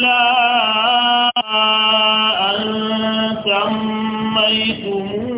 إلا أن سميتموه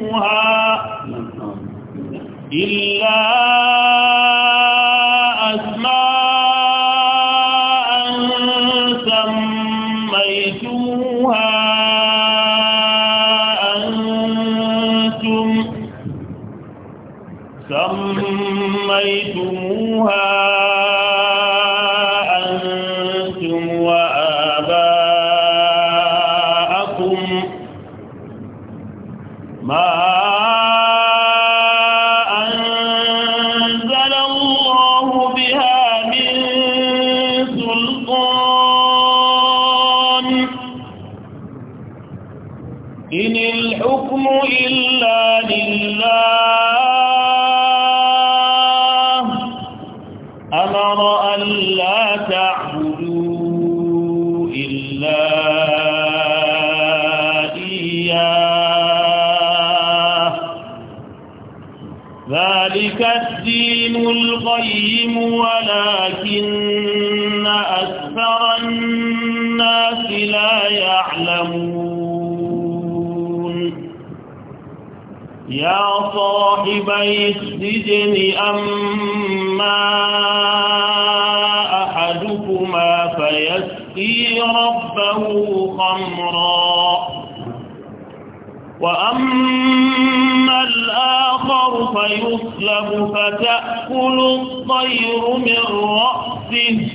الطير من رأسه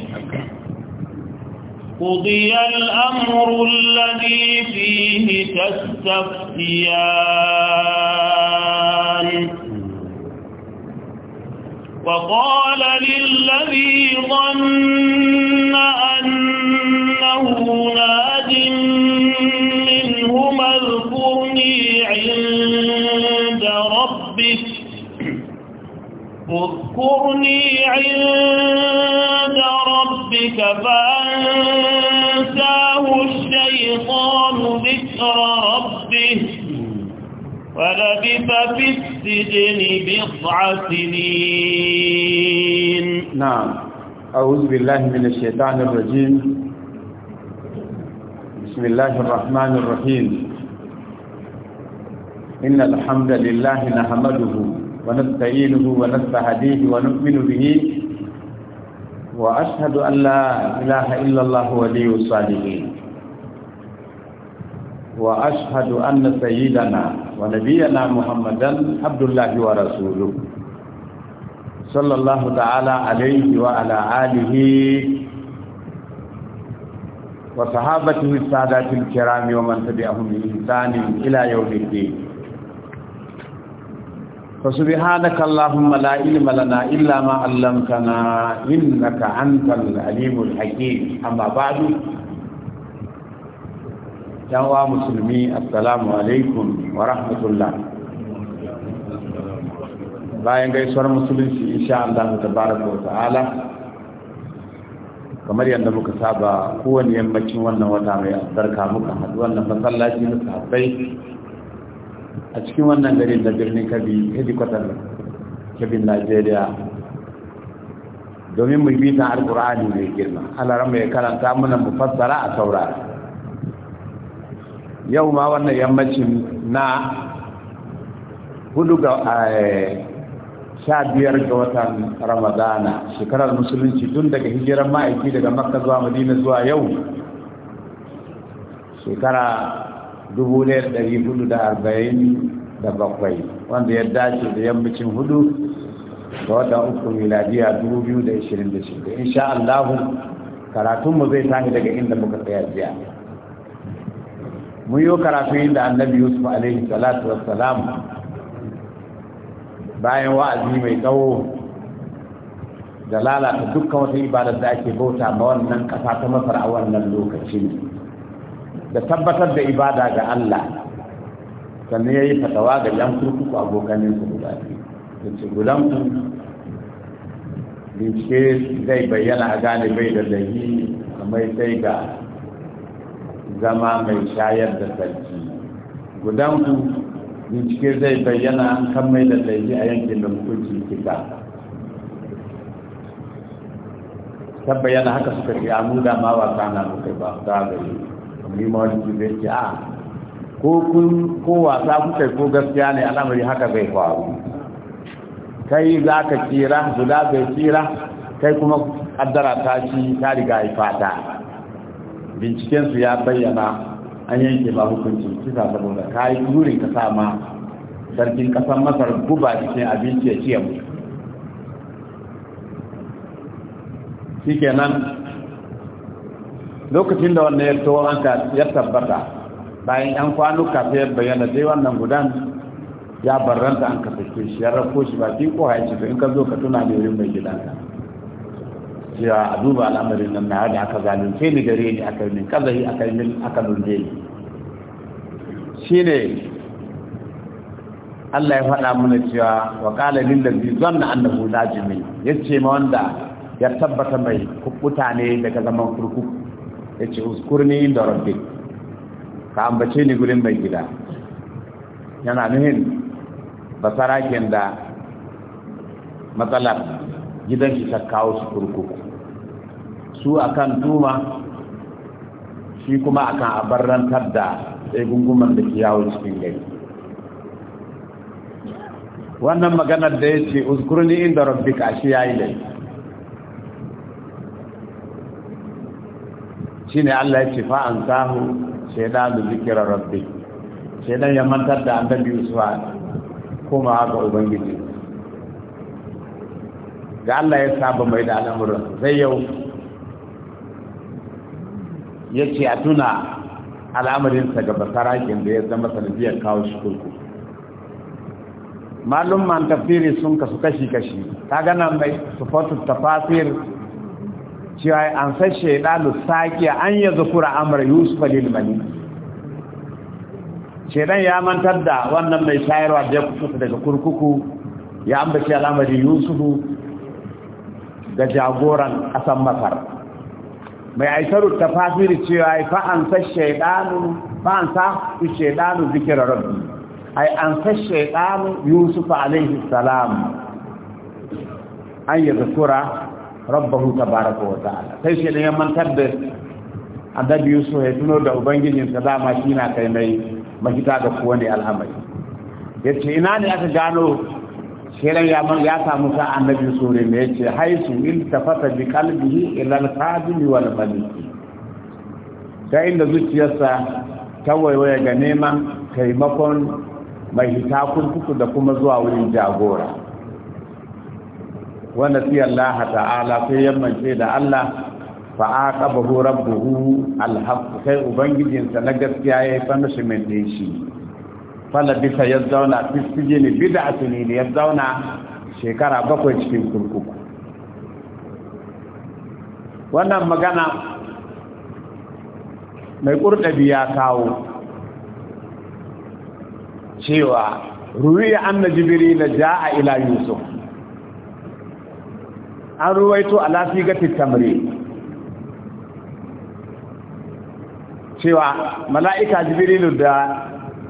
قضي الأمر الذي فيه تستفتيان وقال للذي ظن أنه ناد منهما اذكرني عند ربك اذكرني عند ربك فأنساه الشيطان ذكر ربه ولبث في السجن بضع سنين نعم أعوذ بالله من الشيطان الرجيم بسم الله الرحمن الرحيم إن الحمد لله نحمده ونستعينه ونستهديه ونؤمن به وأشهد أن لا إله إلا الله ولي الصالحين وأشهد أن سيدنا ونبينا محمدا عبد الله ورسوله صلى الله تعالى عليه وعلى آله وصحابته السادات الكرام ومن تبعهم بإحسان إلى يوم الدين فسبحانك اللهم لا علم لنا إلا ما علمتنا إنك أنت العليم الحكيم أما بعد جوا مسلمي السلام عليكم ورحمة الله bayan gaisuwar musulunci insha Allah tabaraka wa ta'ala kamar yadda muka saba kowane yammacin wannan wata mai albarka muka haɗu wannan masallaci na sahabbai a cikin wannan garin da birnin kabi hedikwatar kabin najeriya domin mu bi ta alkur'ani mai girma alaran mai karanta muna mu fassara a saurara yau ma wannan yammacin na hudu ga eh, sha biyar ga watan ramadana shekarar musulunci tun daga hijirar ma'aiki daga makka zuwa madina zuwa yau shekara dubu ɗaya da ɗari hudu da arba'in da bakwai wanda ya dace da yammacin hudu da wata uku miladiya dubu biyu da ishirin da shida insha Allahu karatunmu zai tashi daga inda muka tsaya jiya mun yi karatu inda annabi yusuf alaihi salatu wassalam bayan wa'azi mai tsawo da lalata dukkan wata ibadar da ake bauta ma wannan kasa ta masar a wannan lokacin da tabbatar da ibada ga Allah sannan ya yi fatawa ga yan kurkuku abokanin su guda biyu da ce gudan bincike zai bayyana a gane bai da dahi mai sai ga zama mai shayar da sarki Gudanku bincike zai bayyana kan mai da dahi a yankin da mukunci kika ta bayyana haka suka ce a nuna ma wasa na muka ba ga gari kamar yi mawaliki zai ce a ko kun ko wasa kuka ko gaskiya ne al'amari haka bai faru kai za ka tsira guda zai tsira kai kuma kaddara ta ci ta riga ya fata bincikensu ya bayyana an yanke ba hukunci kisa saboda ka yi turin ka sama sarkin kasar masar guba cikin abinci ya ciye mu shi kenan lokacin da wannan ya an ka ya tabbata bayan an kwanuka sai bayyana sai wannan gudan ya barranta an ka sake shi ya rako shi ba ko haici to in ka zo ka tuna da wurin mai gidanka cewa a duba al'amarin nan na da aka zalunce ni gare ni aka yi kaza yi aka yi min aka lunde ni shine Allah ya faɗa mana cewa wa qala lil ladzi zanna annahu najim yace ma wanda ya tabbata mai kukkuta ne daga zaman kurkuku ya ce uskurni inda rabbi ka ambace ni gurin mai gida yana nuhin basaraken da matsalar gidan shi ta kawo su kurkuku su akan tuma shi kuma akan abarrantar da tsegunguman da ke yawon cikin gari wannan maganar da ya ce uskurni inda rabbi ka shi ya yi laifi ne Allah ya ce fa an sahu shaydanu zikira rabbi shaydan ya mantar da annabi Yusuf kuma haka ubangiji ga Allah ya saba mai da al'amuran Zai yau ya ce a tuna al’amurinsa ga basara da ya zama sanadiyar kawo shi kurku malumman tafsiri sun kasu kashi-kashi ta gana mai sufatun tafasir cewa an san shaidanu saƙiya an ya zukura amur yusuf lilmani shaidan ya mantar da wannan mai shayarwa da ya kusa daga kurkuku ya ambaci al'amari yusuf ga jagoran ƙasan masar mai aikaru ta fasiri cewa fa an sa su shaidanu zikirar rabbi ai an sa shaidanu yusuf alaihi salam an yi zukura rabbahu tabaraka wa ta'ala sai shi da ya mantar da annabi yusuf ya tuno da ubangijin sa dama shi na kai mai makita da kowane al'amari yace ina ne aka gano shirin ya man ya samu sa annabi yusuf ne yace haisu in tafata bi qalbihi ila al-qadim wal malik ta inda zuciyarsa ta waiwaya ga neman taimakon mai hitakun kurkuku da kuma zuwa wurin jagora wa nasiya Allah ta'ala sai yammance da Allah fa aqabahu rabbuhu alhaq sai ubangijinsa na gaskiya ya yayi mai din shi fala bisa ya zauna bida bid'atu ne ya zauna shekara bakwai cikin kurkuku wannan magana mai kurdabi ya kawo cewa ruwiya anna jibril ja'a ila yusuf an ruwaito a lafigatin tamre cewa mala'ika jibirilu da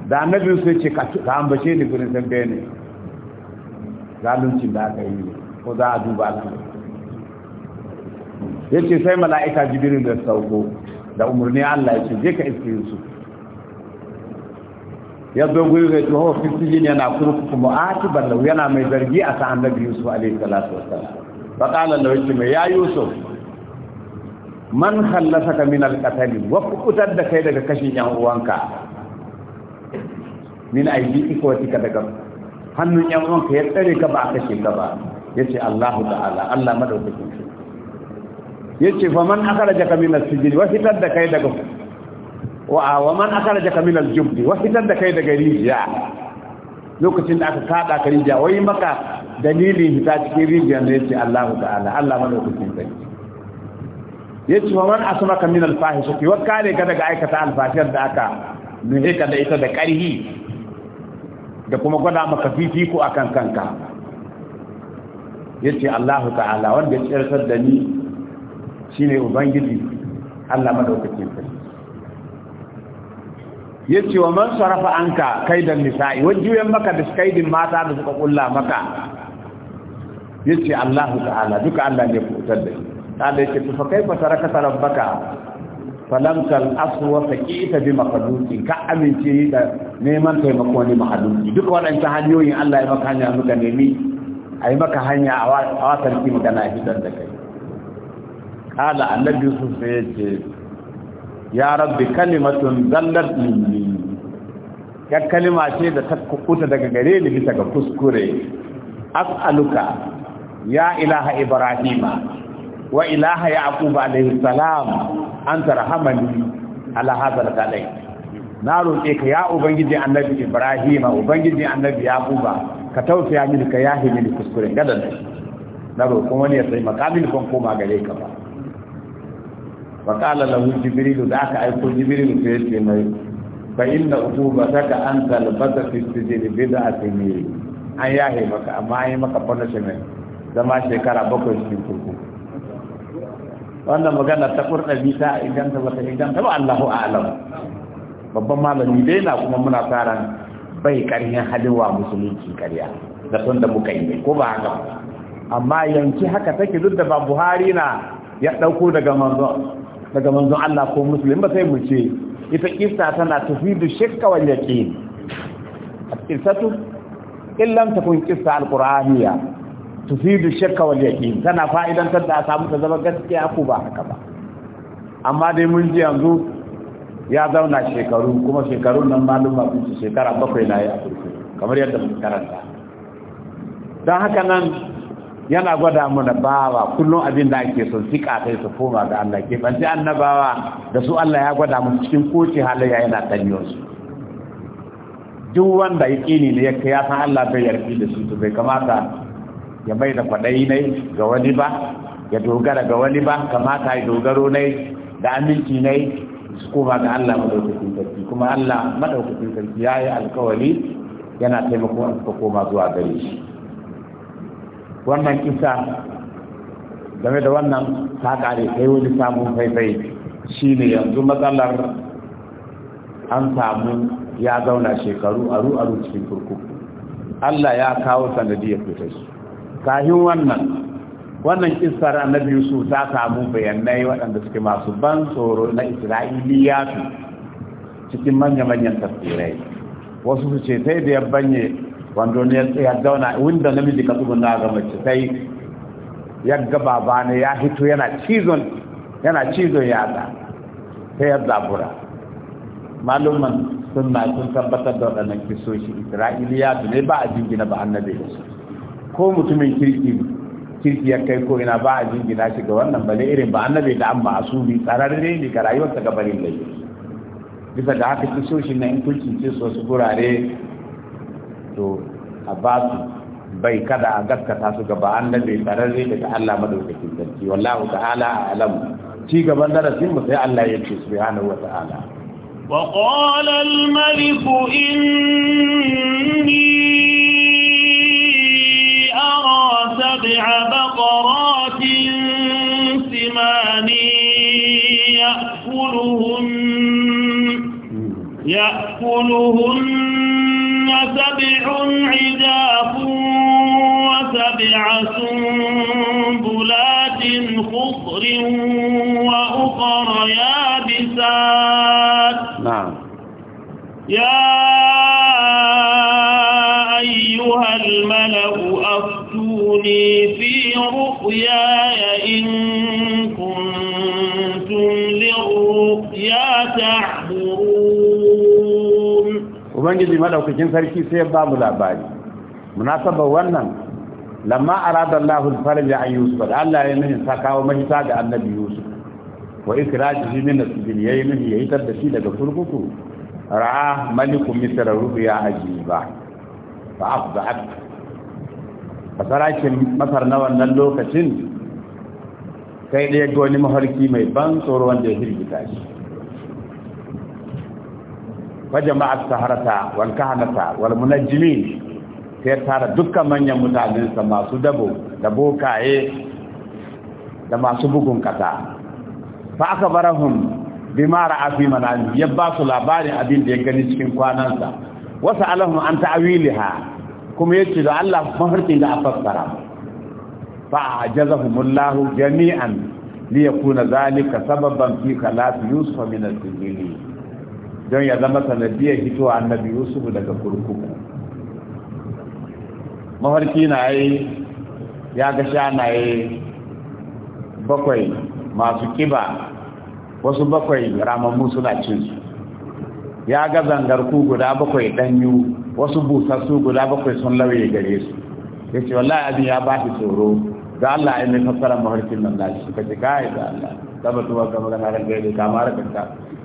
da biyu sai ce ka ambace ni gudun zambe ne zaluncin da aka yi ne ko za a duba su ya ce sai mala'ika jibirilu da sauko da umarni Allah ya ce je ka iske su ya zo yi zai tuho fisijin yana kurkuku mu'ati ballau yana mai zargi a sa annabi yusuf alaihi salatu wasu faƙalar da wacce mai ya yusuf man hallasa ka min alƙatali wa kukutar da kai daga kashin yan uwanka min aiki ikowatika daga hannun yan uwanka ya tsare ka ba a kashe ka ba ya ce allahu ta'ala allah maɗaukakin shi ya ce fa man akaraja ka min alsijini wa fitar da kai daga wa wa man akaraja ka min aljubdi wa fitar da kai daga rijiya lokacin da aka kaɗa ka rijiya wai maka dalilin ta cikin rijiyar da ce Allahu ta'ala Allah madaukakin sarki yace wa man asmaka min al-fahishati wa kare ka daga aikata al da aka nuhe da ita da karhi da kuma gwada maka fifiko akan kanka ya ce Allahu ta'ala wanda ya tsirtar da ni shine ubangiji Allah madaukakin sarki ya ce wa man sarrafa an ka da nisa'i wajen juyan maka da kaidin mata da suka kulla maka yace Allah ta'ala duka Allah ne kutar da Allah yake to fa kaifa tarakata rabbaka falam kal aswa faqita bi maqdusin ka amince da neman taimako ne mahaluki duka waɗannan hanyoyin Allah ya maka hanya muka nemi ai maka hanya a wasar ki magana hidan da kai qala annabi yusuf sai yace ya rabbi kalimatun zallat minni ya kalima ce da ta kukuta daga gare ni bisa ga kuskure as'aluka ya ilaha ibrahim wa ilaha yaqub alayhi salam anta rahamani ala hadha al na roƙe ka ya ubangiji annabi ibrahim ubangiji annabi yaqub ka tausaya mini ka yahi mini kuskure gadan na roƙon wani ya sai makamin kon koma gare ka ba wa qala lahu jibril da aka aiko jibril sai ya ce mai fa inna uqubataka an talbata fi sijil bid'atin an yahi maka amma ai maka punishment zama shekara bakwai cikin kurkuku wannan magana ta kurɗa ta inganta ba ta inganta ba Allahu a'lam babban malami dai na kuma muna fara bai ƙarfin halewa musulunci ƙarya da sun da muka yi ko ba haka amma yanki haka take duk da ba Buhari na ya ɗauko daga manzon Allah ko musulun ba sai mu ce ita kista tana tafidu shakka wal yaqin at-qissatu illam takun qissa al-qur'aniyya tufidu shakka wal yaqin tana fa'idan tadda a samu ta zama gaskiya ko ba haka ba amma dai mun ji yanzu ya zauna shekaru kuma shekarun nan malum ba ce shekara bakwai na yi a turku kamar yadda mun karanta don haka nan yana gwada mana bawa kullum abin da ake son sika sai su koma ga Allah ke ban annabawa da su Allah ya gwada mu cikin koce halayya yana tanyo su duk wanda yake ne ya kai ya san Allah bai yarbi da su to bai kamata ya mai da kwaɗayi ne ga wani ba ya dogara ga wani ba kamata ya dogaro ne da aminci ne su koma ga Allah madaukakin sarki kuma Allah madaukakin sarki ya yi alkawali yana taimako a suka koma zuwa gare shi wannan kisa game da wannan ta kare sai wani samun faifai shine yanzu matsalar an samu ya zauna shekaru aru aru cikin kurkuku Allah ya kawo sanadiyar fitar shi kahin wannan wannan kissar annabi yusuf ta samu bayanai waɗanda suke masu ban tsoro na su cikin manya-manyan tafsirai wasu su ce sai da ya banye wanda ne ya zauna wanda namiji ka tsuguna ga mace sai ya gaba ba ne ya hito yana cizon yana cizon yatsa sai ya zabura malumman sun na sun tabbatar da waɗannan kisoshi isra'iliya ne ba a jingina ba annabi yusuf ko mutumin kirki kirki ya kai ko ina ba a jingina shi ga wannan bale irin ba annabi da amma asubi tsararre ne ga rayuwarsa ga barin da bisa da haka kisoshin na in kulkin ce su wasu gurare to a ba su bai kada a gaskata su ba an da ga tsararre daga Allah madaukakin sarki wallahu ta'ala alamu. ci gaban darasin mu sai Allah ya ce subhanahu wata'ala wa qala al-malik inni سبع بقرات سمان يأكلهم يأكلهم ubangiji madaukakin sarki sai ba mu labari munasabar wannan lamma arada Allahu al-farja an Yusuf Allah ya nuna sa kawo mahita ga annabi Yusuf wa ikrajihi min as-sijil yayi min yayi da shi daga kurkuku ra'a maliku misra rubiya ajiba fa afda'at fasarakin masar na wannan lokacin kai da ya ga wani mafarki mai ban tsoro wanda ya hirgita shi fajama as-saharata wal kahanata wal munajjimin sai tara dukkan manyan mutanen sa masu dabo da bokaye da masu bugun kasa fa akbarahum bima ra'a fi manami ya ba su labarin abin da ya gani cikin kwanansa wasu alahum an ta'awiliha kuma yace da Allah mafarkin da afassara fa mullahu jami'an li yakuna zalika sababan fi khalas yusuf min al-sijili don ya zama sanadiyar hitowa annabi yusuf daga kurkuku mafarki na yi ya ga shanaye bakwai masu kiba wasu bakwai ramammu suna su, ya ga zangar ku guda bakwai danyu wasu busassu guda bakwai sun lauye gare su ya ce wallahi abin ya ba shi tsoro ga Allah ya mai fassara mafarkin nan shi ka ce kai da Allah tabbatuwa ga magana gaida kamar kanta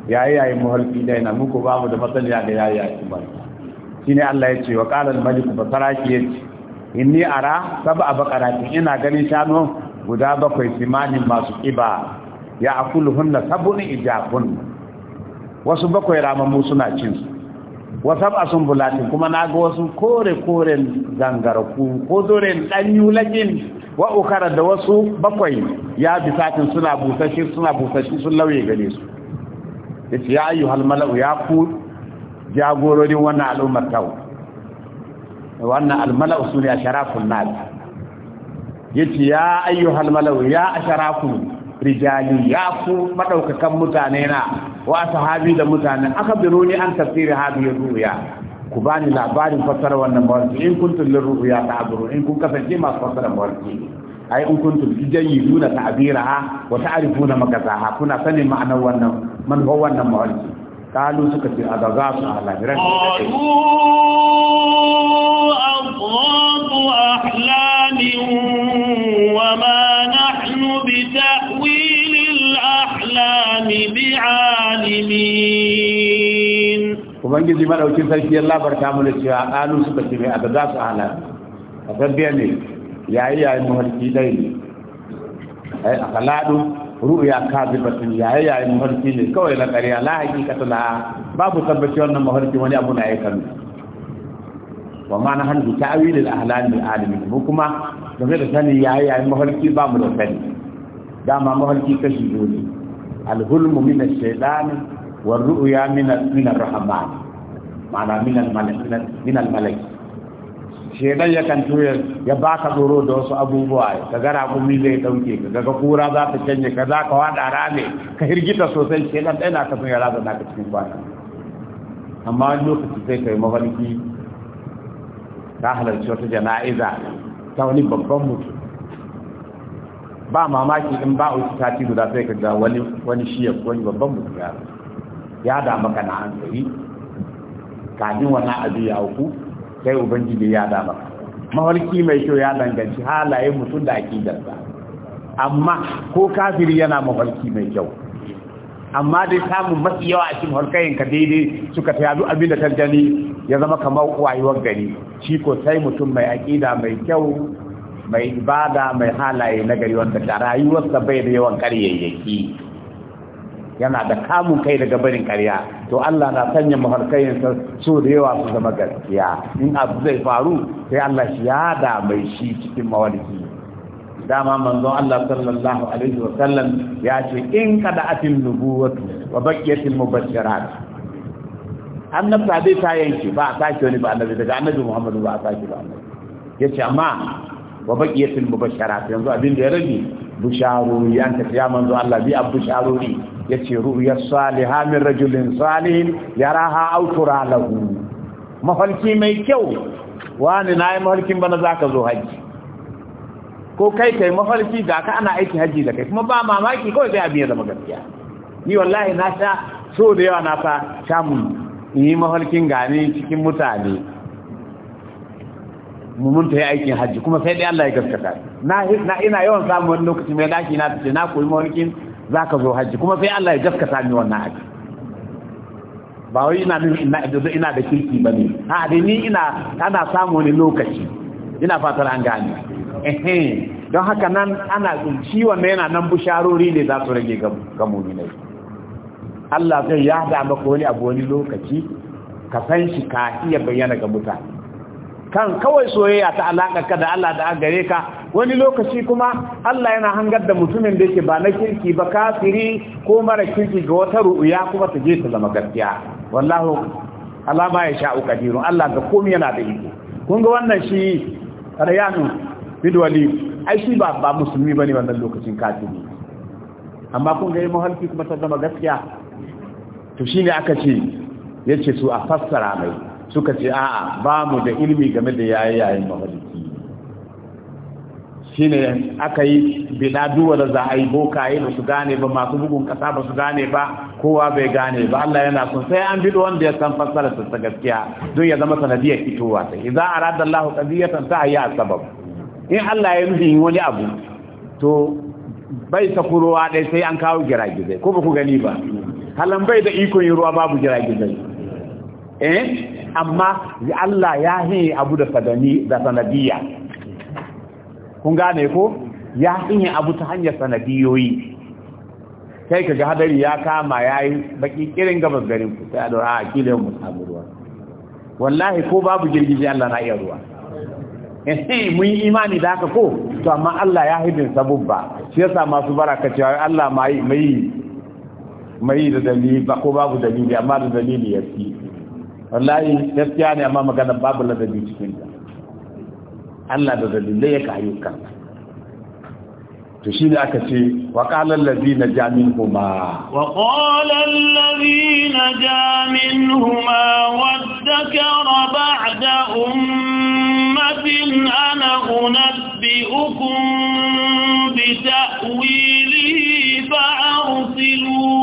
yayayen muhalfi dai na muku ba mu da matsaliya ga yayayen ba shine Allah ya ce wa qala al-malik fa saraki yace inni ara sab'a baqaratin ina ganin shanu guda bakwai simanin masu kiba ya akuluhunna sabun ijabun wasu bakwai ramammu suna cin su wa sab'a sunbulatin kuma na ga wasu kore-koren dangaraku ko dore ɗan yulakin wa ukara da wasu bakwai ya bisatin suna busashi suna busashi sun lauye gare su ya ya ayyuhal mala'u ya ku jagororin wannan al'ummar tau wannan almala'u su ne a sharafun ya ce ya ayyuhal mala'u ya a rijali ya ku maɗaukakan mutane na wa sahabi da mutane aka biro ni an tafsiri habi ruya ku bani labarin fasara wannan mawarki in kuntum lirruya ta'buru in kun kasance masu fasara mawarki أي إن في كنتم تجيدون تعبيرها وتعرفون مقاساها كنا سنين معنى وانا من هو وانا معلم قالوا سكت هذا غاص على غيره قالوا أضغاط أحلام وما نحن بتأويل الأحلام بعالمين ومن جزي ما لو تنسى الله بركامل قالوا سكت هذا غاص على غيره yayi yayi mafarki dai ne ai eh, akhladu ru'ya kadibatun yayi yayi mafarki ne kawai na ƙarya la hakikata la babu tabbaci wannan mafarki wani abu na aikata wa ma na hanzu ta'wil al-ahlam al-alimin mu kuma game da sani yayi yayi mafarki ba mu da sani dama mafarki kashi biyu ne al-hulmu min ash-shaytan wa ar-ru'ya min min ar-rahman ma'ana min al-malak min al-malak shedan ya kan tuya ya baka tsoro da wasu abubuwa ka ga raƙumi zai ɗauke ka daga kura za ta canje ka za ka waɗa rame ka hirgita sosai shedan ɗaya na ka sun yara na ka cikin kwana amma wani lokaci sai ka yi mafarki ta halarci wata jana'iza ta wani babban mutum ba mamaki in ba ta sati guda sai ka ga wani wani shiya wani babban mutum ya ya da maka na hankali kafin wannan abu ya hauku kai ubangiji ya da mawarki mai kyau ya danganci halaye mutum da aƙidarsa amma ko kafiri yana mawarki mai kyau amma dai samun mafi yawa a cikin harkayin ka daidai suka ta yadu abin da ta gani ya zama kamar wayewar gari shi ko sai mutum mai aƙida mai kyau mai ibada mai halaye na gari wanda da rayuwarsa bai da yawan ƙaryayyaki yana da kamun kai daga barin ƙarya to Allah na sanya mafarkayin so da yawa su zama gaskiya in abu zai faru sai Allah shi ya da mai shi cikin mawarki dama manzo Allah sallallahu alaihi wa sallam ya ce in kada atin nubuwatu wa baqiyatil mubashirat ta dai ta yanke ba a sake wani ba annabi daga annabi Muhammadu ba a sake ba annabi yace amma wa baqiyatil mubashirat yanzu abin da ya rage busharori an tafi ya manzo Allah bi a yace ya ce ru'yar saliha min rajulin salihin ya raha autura lahu mafarki mai kyau wani na yi bana za ka zo haji ko kai kai mafarki ga ka ana aiki haji da kai kuma ba mamaki kawai sai abin ya zama gaskiya ni wallahi na sha so da yawa na fa shamu yi mafarkin gane cikin mutane mun ya aikin hajji kuma sai dai Allah ya gaskata na ina yawan samun wani lokaci mai daki na tace na koyi mawarkin zaka zo hajji kuma sai Allah ya gaskata ni wannan hajji ba wai ina nuna ina da ina da kirki bane a dai ni ina ana samu wani lokaci ina fatar an gane eh don haka nan ana shi wannan yana nan busharori ne za su rage ga mu'minai Allah zai yada maka wani abu wani lokaci ka san shi ka iya bayyana ga mutane kan kawai soyayya ta ka da Allah da gare ka wani lokaci kuma Allah yana hangar da mutumin da yake ba na kirki ba kafiri ko mara kirki ga wata ru'uya kuma ta je ta zama gaskiya wallahu Allah ba ya sha'u kadiru Allah da komai yana da iko kun ga wannan shi Rayanu Bidwali ai shi ba ba musulmi bane wannan lokacin kafiri amma kun ga muhalli kuma ta zama gaskiya to shine aka ce yace su a fassara mai suka ce a'a ba mu da ilmi game da yayi yayin mafarki shine aka yi biladu za a yi bokaye ba su gane ba masu bugun kasa ba su gane ba kowa bai gane ba Allah yana sun sai an bido wanda ya san fassara ta gaskiya don ya zama sanadiyar fitowa ta a arada lahu qadiyatan ta ya sabab in Allah ya nufi wani abu to bai ta kurowa dai sai an kawo gizai ko ba ku gani ba halan bai da ikon yin ruwa babu gizai. eh amma Allah ya yi abu da sadani da sanadiya kun gane ko ya yi abu ta hanyar sanadiyoyi kai kaga hadari ya kama yayi baki kirin gabas garin ku sai da a kile mu samu ruwa wallahi ko babu girgije Allah na iya ruwa eh mun yi imani da haka ko to amma Allah ya hidin sabubba shi yasa masu baraka cewa Allah mai mai mai da dalili ba ko babu dalili amma da dalili yafi wallahi gaskiya ne amma magana babu ladabi cikin ta Allah da dalilai ya kayo kanka to shi ne aka ce wa qala allazina jaminhuma wa qala allazina jaminhuma wadhakara ba'da ummatin ana unabbiukum bi ta'wilihi fa'arsilu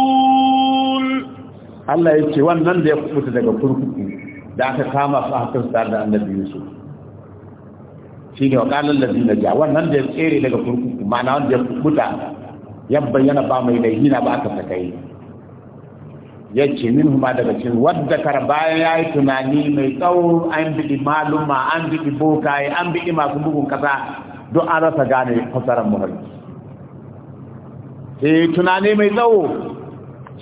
Allah ya ce wannan da ya kubuta daga kurkuku da aka kama su aka sa da annabi Yusuf shi ne wakalan lazina ja wannan da ya tsere daga kurkuku ma'ana wanda ya kubuta ya bayyana ba mai da na ba aka sakai ya ce min huma daga cikin wadda kara bayan ya yi tunani mai tsawo an biɗi maluma an biɗi bokaye an biɗi masu bugun kasa don an rasa gane fasarar muhalli sai eh, tunani mai tsawo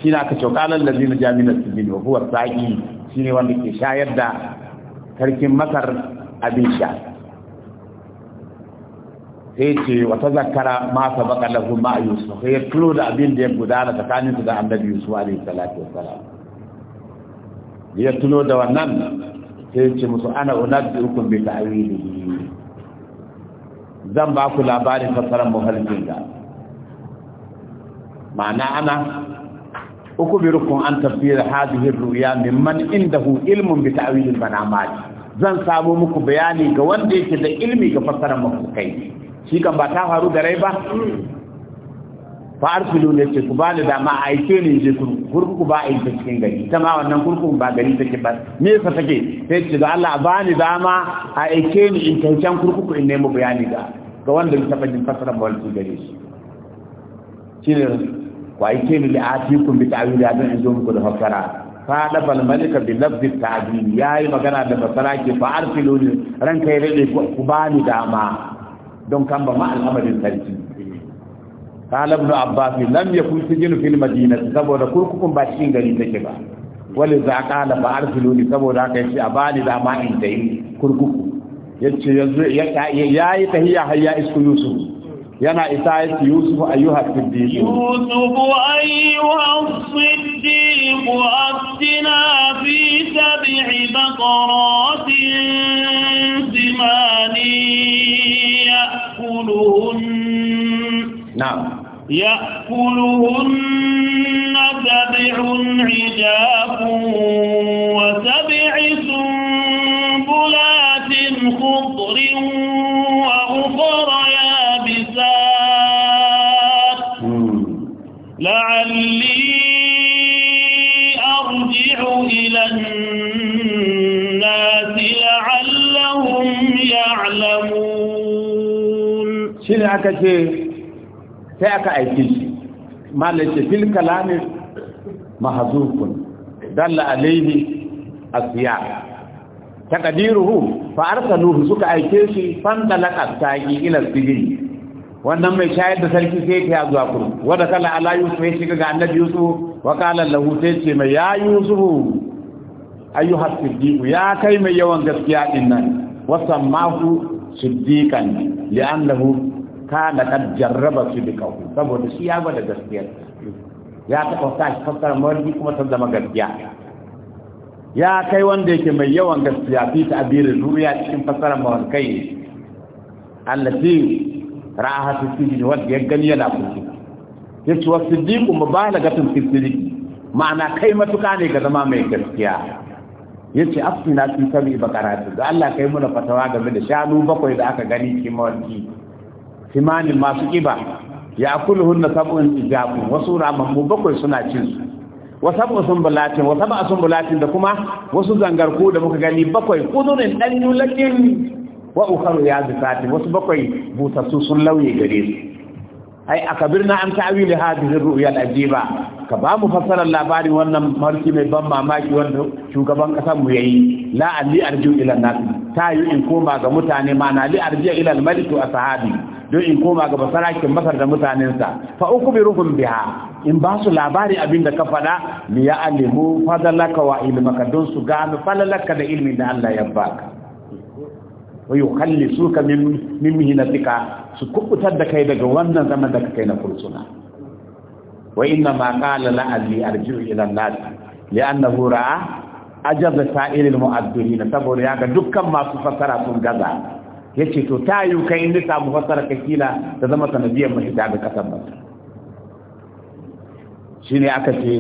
shi na aka ce kalan lalzina jami'in sibili wa huwa sa'i shi ne wanda ke shayar da sarkin masar abin sha sai ce wata zakara masa baka lahu ma yusuf sai ya tulo da abin da ya gudana tsakanin su da annabi yusuf alaihi salatu wassalam ya tulo da wannan sai ce musu ana da unabbiukum bi ta'wilihi zan ba ku labarin fasaran muhalkin da ma'ana ana ukubirukum an tafsir hadhihi ar-ru'ya mimman indahu ilmun bi ta'wil al-manamat zan samu muku bayani ga wanda yake da ilmi ga fassarar mafukai shi kan ba ta faru da rai ba fa arsilu ne ce ku ba da dama a aike ne je kurkuku ba a yi ta cikin gari ita ma wannan kurkuku ba gari take ba me yasa take sai ce da Allah ba ni dama a aike ni in kyautan kurkuku in nemi bayani ga ga wanda ya taba jin fassarar mawalci gare shi shi ne wa yake lil atikum bi ta'wili adan in zo muku da fassara fa da bal malika bi lafzi ya yayi magana da fassara ke fa arsiluni ranka ya rade ku bani dama don kan ba ma al'amarin sarki قال ابن عباس لم يكن سجن في المدينة saboda kurkukun ba cikin gari take ba wale za kala ba arsiluni saboda haka yace a bani dama ma in tayi kurkuku yace yanzu ya yayi tahiyya hayya isku yusuf yana isa yusuf ayyuha siddiqu aka ce sai aka aiki shi malace fil kalamin mahzufun dalla alayhi asiya taqdiruhu fa arsaluhu suka aike shi fan dalaka taqi ila sijiri wannan mai shayar da sarki sai ya zuwa kuru wanda kala ala yusuf sai shiga ga annabi yusuf wa kala lahu sai ce mai ya yusuf ayyuha siddiq ya kai mai yawan gaskiya din nan wa siddiqan li'annahu kana kad jarraba su da kawo saboda shi ya gwada gaskiya ya ta shi fassara mawarki kuma ta zama gaskiya ya kai wanda yake mai yawan gaskiya fi ta abirin duniya cikin fasara mawarkai allati ra'aha fi sijin wanda ya gani yana kusa ya ce wa ba na fi siddiqi ma'ana kai matuka ne ga zama mai gaskiya ya ce afsina fi sami bakaratu da Allah kai muna fatawa game da shanu bakwai da aka gani cikin mawarki simanin masu kiba ya kulluhun hunna sabon ijabu wasu mu bakwai suna cin su wasu abu sun bulatin wasu abu sun bulatin da kuma wasu zangarku da muka gani bakwai kudurin dan yulakin wa ukaru ya zikati wasu bakwai busassu sun lauye gare su ai akabirna an ta'awili hadhihi ru'ya al-ajiba ka ba mu fassarar labarin wannan marki mai ban mamaki wanda shugaban kasar mu yayi la ali arju ila nas ta yi in koma ga mutane ma na li arji ila al malik wa sahabi don in koma ga basarakin masar da mutanensa fa ruhun biha in ba su labari abin da ka faɗa li ya alimu fadalaka wa ilmaka don su gano falalaka da ilmin da Allah ya baka wa yukhallisuka min min hinatika su kubutar da kai daga wannan zaman da kai na kursuna wa inna ma qala la'alli arji'u ila an-nas li'annahu ra'a ajaba sa'iril mu'addilin saboda ya ga dukkan masu fasara sun gaza yace to tayu kai inda samu fassara kakila ta zama sanadiyar mahita ga kasar Masar shine aka ce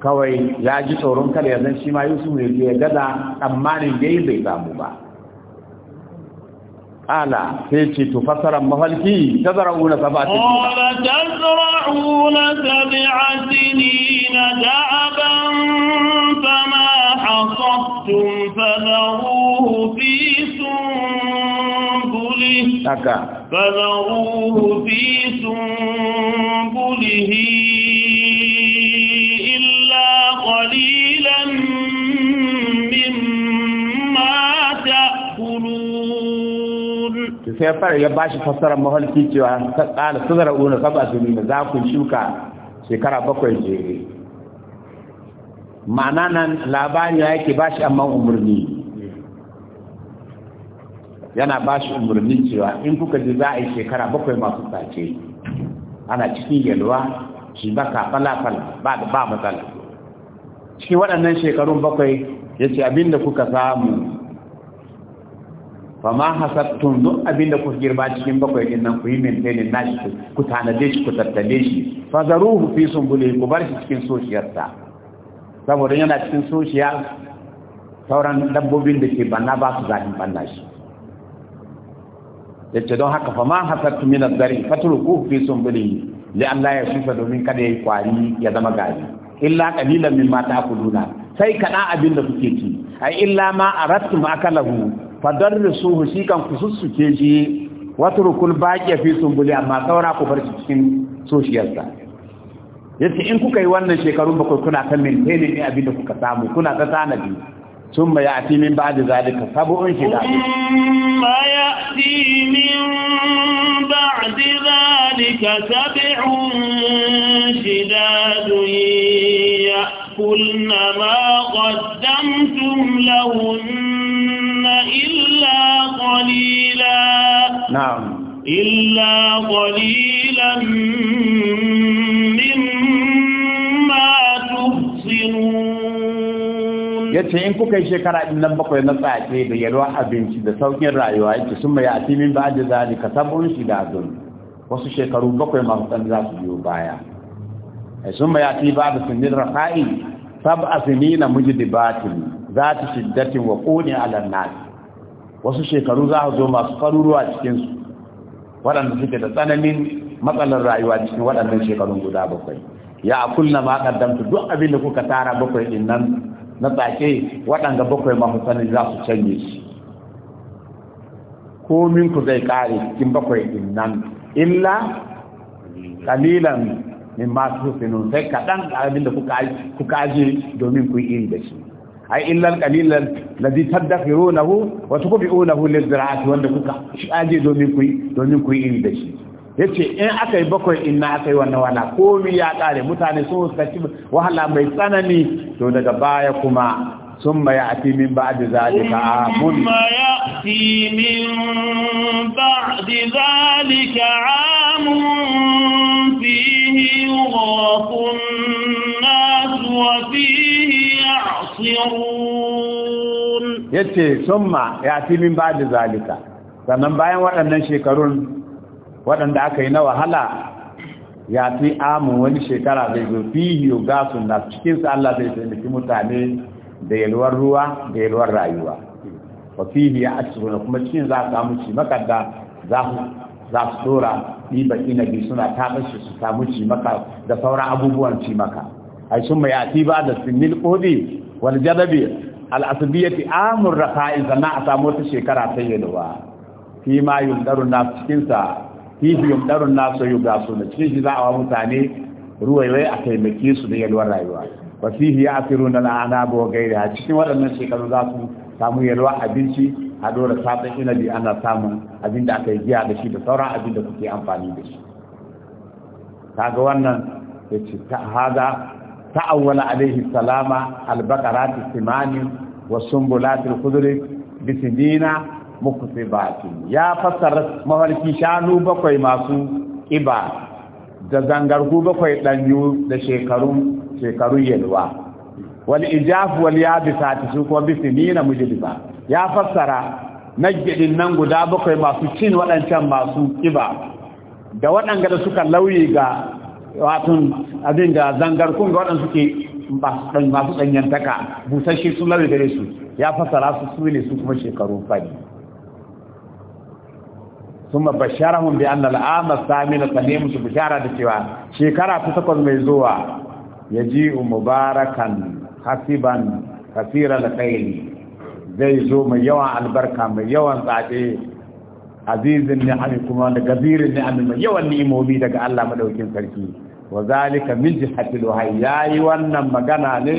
kawai ya ji tsoron kada ya zan shi ma Yusuf ne ya gaza tsammanin dai bai samu ba Ala sai ce to fasaran mahalki tazra'una sab'atin qala tazra'una sab'atin da'aban fama hasattum fadhuhu fi sunbulih aka fadhuhu fi sunbulihi sai ya fara ya bashi fassara mahalki cewa ta su zara una saba nuna za ku shuka shekara bakwai jere ma'ana nan labari yake bashi amma umarni yana bashi umarni cewa in kuka ji za a yi shekara bakwai masu sace ana cikin yalwa shi ba ka falafal ba da ba matsala cikin waɗannan shekarun bakwai ya ce abinda kuka samu fa ma hasabtum duk abinda ku girba cikin bakwai din nan ku yi maintain nashi ku tanade shi ku tattale shi fa zaruhu fi sunbuli ku bar shi cikin ta. saboda yana cikin sosiya sauran dabbobin da ke banna ba su zafi banna shi ce don haka fa ma hasabtum min az-zari fatruku fi sunbuli li an la yasufa domin kada yayi kwari ya zama gari illa qalilan mimma ta'kuluna sai kada abin da kuke ci ai illa ma aradtum akalahu fadar da su hushi kan ku sussu ke ji wata rukun baƙi fi sumbuli amma saura ku bar cikin soshiyarsa yace in kuka yi wannan shekaru bakwai kuna ta mintene ne abin da kuka samu kuna ta tanadi sun ya ati min ba da zalika sabo'in shi zalika ma ya ati min ba da zalika sabo'in shi zalika kulna ma qaddamtum lahunna إلا قليلا نعم إلا قليلا مما تحصنون yace in kuka yi shekara in nan bakwai na tsace da yalwa abinci da saukin rayuwa yace sun mai ati min ba da zalika sabon shi da zun wasu shekaru bakwai masu ɗan za su biyo baya sun mai ati ba da sunnir rafa'i sab'a sinina mujdibatin za ta shiddatin wa ƙone alannan wasu shekaru za a zo masu faruruwa cikinsu waɗanda suke da tsananin matsalar rayuwa cikin waɗannan shekarun guda bakwai ya kulla ma kaddamta duk abin da kuka tara bakwai din nan na tsake waɗanda bakwai masu sanin za su canje shi komin ku zai kare cikin bakwai din nan illa kalilan min masu sinun sai kaɗan abin da kuka aje domin ku yi iri da shi ai illal qalilan ladhi tadakhirunahu wa tukbi'unahu lizra'ati wanda kuka shi aje domin ku domin ku iri da shi yace in akai bakwai in na aka yi wannan wala komi ya kare mutane sun ci wahala mai tsanani to daga baya kuma ثم يأتي من بعد ذلك عام ثم يأتي من بعد ذلك عام فيه يغاط الناس وفيه يعصرون يتي ثم يأتي من بعد ذلك sannan bayan waɗannan shekarun waɗanda aka yi na wahala ya fi amu wani shekara zai zo fi yi yoga na cikinsu Allah zai taimaki mutane da yalwar ruwa da yalwar rayuwa wa fihi na kuma cikin za ka samu ci da za su za su dora ina bi suna ta bashi su samu ci maka da sauran abubuwan ci maka ai sun mai ati ba da sinil kodi wal jadabi al asbiyati amur raka'i sanna a samu wata shekara ta yalwa fi ma yundaru na cikin sa fi yundaru na so yuga su cikin shi za a wa mutane ruwaye a taimake su da yalwar rayuwa wasihi ya asiru na la'ana ba a cikin waɗannan shekaru za su samu yalwa abinci a dora sabon inabi ana samun abin da aka yi giya da shi da sauran abin da kuke amfani da shi Ta ga wannan ya ce ta haza ta'awwala alaihi salama ta simani wa sumbulatil khudri bisinina muqtibatin ya fassara mafarki shanu bakwai masu ƙiba da zangargu bakwai ɗanyu da shekarun shekarun yalwa wal ijaf wal ta su kuma bisinina mujliba ya fassara najdin nan guda bakwai masu cin waɗancan masu kiba da waɗanga da suka lauyi ga watun abin da zangar kun ga waɗanda suke masu ɗanyantaka busasshe sun lauyi gare su ya fassara su su ne su kuma shekarun fari ثم بشرهم بأن العام الثامنة تنيمس da cewa shekara ta takwas mai zuwa yaji'u mubarakan hasiban kasiral khairi zai zo mai yawan albarka mai yawan tsade azizin ni'ami kuma da gazirin ni'ami mai yawan ni'imomi daga Allah madaukin sarki wa zalika min jihatil wahyi yayi wannan magana ne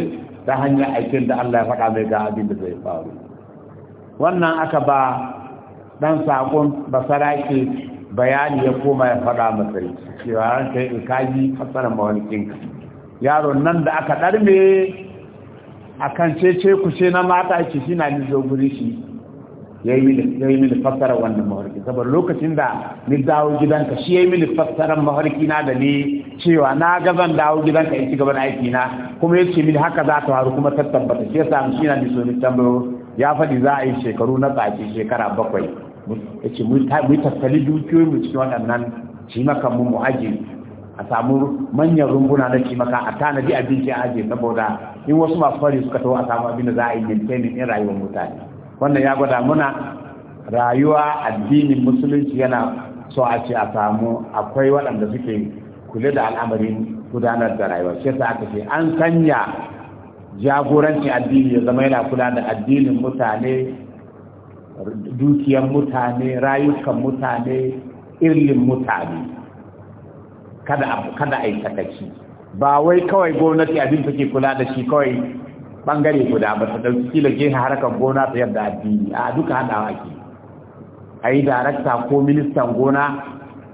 ta hanyar aikin da Allah ya faɗa mai ga abin da zai faru wannan aka ba dan sakon basarake bayani ya koma ya faɗa masa cewa ran kai in kaji fasaran mawarkin yaron nan da aka ɗarme a kan cece kushe na mata ake shi na nizo guri shi ya yi mini fassara wannan mawarki saboda lokacin da ni dawo gidanka shi ya yi mini fassarar maharki na da ni cewa na gazan zan dawo gidanka ya ci gaban aiki na kuma ya ce mini haka za ta faru kuma ta tabbata shi ya samu shi na nizo ni tambayo ya faɗi za a yi shekaru na tsaki shekara bakwai ya ce mu yi tattali dukiyoyi mu cikin waɗannan shi maka mu mu ajiye a samu manyan rumbuna na maka a tanadi abinci a ajiye saboda in wasu masu fari suka taho a samu abin da za a yi maintaining in rayuwar mutane wannan ya gwada muna rayuwa addinin musulunci yana so a ce a samu akwai waɗanda suke kula da al'amarin gudanar da rayuwa shi yasa aka ce an sanya jagorancin addini ya zama yana kula da addinin mutane dukiyar mutane rayukan mutane irin mutane kada kada a yi ba wai kawai gwamnati abin take kula da shi kawai bangare guda ba ta dauki kila gefe harkar gona ta yadda addini a duka haɗawa ake a yi darakta ko ministan gona